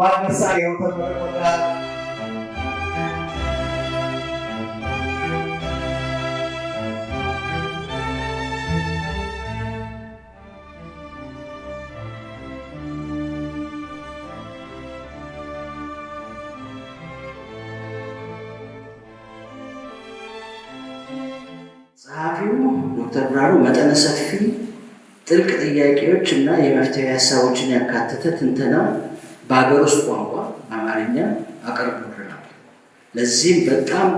ዋነሳየው ተመርቆዳ ጸሐፊው ዶክተር ብርሃኑ መጠነ ሰፊ ጥልቅ ጥያቄዎች እና የመፍትሄ ሀሳቦችን ያካተተ ትንተና በሀገር ውስጥ ቋንቋ በአማርኛ አቀርቦልናል። ለዚህም በጣም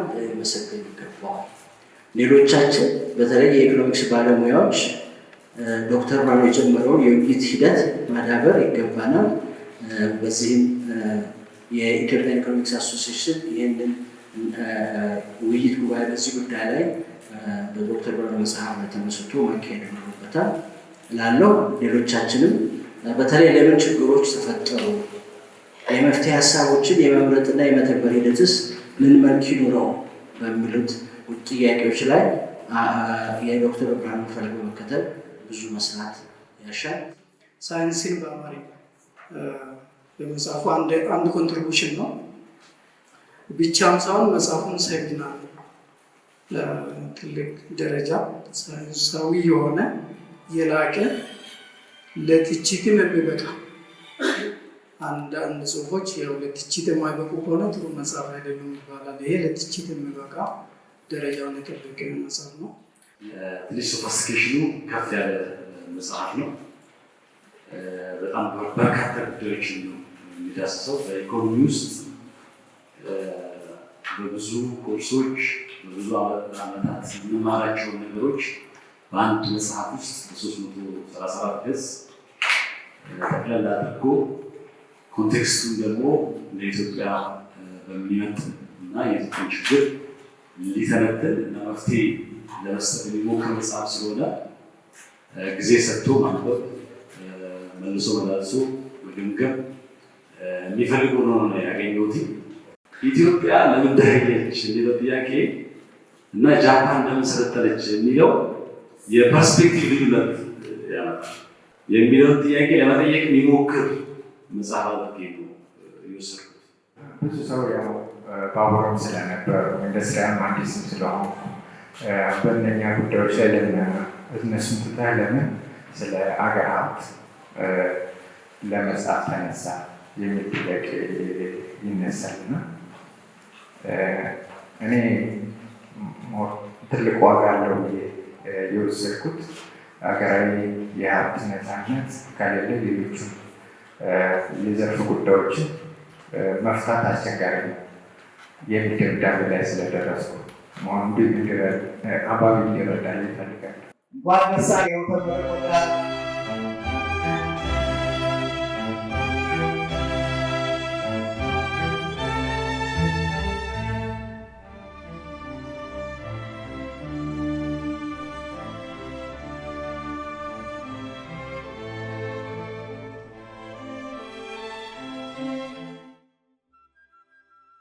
መሰገን ይገባዋል። ሌሎቻችን በተለይ የኢኮኖሚክስ ባለሙያዎች ዶክተር ባሎ የጀመረውን የውይይት ሂደት ማዳበር ይገባናል። በዚህም የኢትዮጵያ ኢኮኖሚክስ አሶሲሽን ይህንን ውይይት ጉባኤ በዚህ ጉዳይ ላይ በዶክተር ብረ መጽሐፍ ላይ ማካሄድ ይኖርበታል ላለው ሌሎቻችንም በተለይ ሌሎች ችግሮች ተፈጠሩ መፍትሄ ሀሳቦችን የመምረጥና የመተግበር ሂደትስ ምን መልክ ይኑረው በሚሉት ጥያቄዎች ላይ የዶክተር ብርሃኑ ፈለግ በመከተል ብዙ መስራት ያሻል። ሳይንስን በአማርኛ በመጽሐፉ አንድ ኮንትሪቢሽን ነው ብቻም ሳይሆን መጽሐፉን ሰግና ትልቅ ደረጃ ሳይንሳዊ የሆነ የላቀ ለትችትም የሚበቃ አንዳንድ ጽሁፎች ያው ለትችት የማይበቁ ከሆነ ጥሩ መጽሐፍ አይደሉም ይባላል። ይሄ ለትችት የሚበቃ ደረጃውን የጠበቀ መጽሐፍ ነው። ትንሽ ከፍ ያለ መጽሐፍ ነው። በጣም በርካታ ጉዳዮችን ነው የሚዳስሰው። በኢኮኖሚ ውስጥ በብዙ ኮርሶች በብዙ ዓመታት የምንማራቸውን ነገሮች በአንድ መጽሐፍ ውስጥ በ334 ገጽ ጠቅለል አድርጎ ኮንቴክስቱን ደግሞ ለኢትዮጵያ በሚመጥ እና የኢትዮጵያን ችግር ሊተነትን እና መፍትሄ ለመስጠት የሚሞክር መጽሐፍ ስለሆነ ጊዜ ሰጥቶ ማንበብ መልሶ መላልሶ መገምገም የሚፈልግ ሆኖ ነው ያገኘሁት። ኢትዮጵያ ለምን ደረገች የሚለው ጥያቄ እና ጃፓን ለምን ሰለጠነች የሚለው የፐርስፔክቲቭ ልዩነት ያመጣል የሚለውን ጥያቄ ለመጠየቅ የሚሞክር መጽሐፍ ጌቱ የወሰድኩት ብዙ ሰው ያው ባቡርም ስለነበር ኢንዱስትሪያም አዲስም ስለሆኑ በእነኛ ጉዳዮች ላይ ለምን እነሱን ትተህ ለምን ስለ አገር ሀብት ለመጻፍ ተነሳ የሚል ጥያቄ ይነሳል እና እኔ ትልቅ ዋጋ አለው የወሰድኩት ሀገራዊ የሀብት ነፃነት ከሌለ ሌሎቹ የዘርፍ ጉዳዮችን መፍታት አስቸጋሪ ነው የሚል ድምዳሜ ላይ ስለደረሱ መሆኑ እንዲረዳ አባቢ እንዲረዳ ይፈልጋል።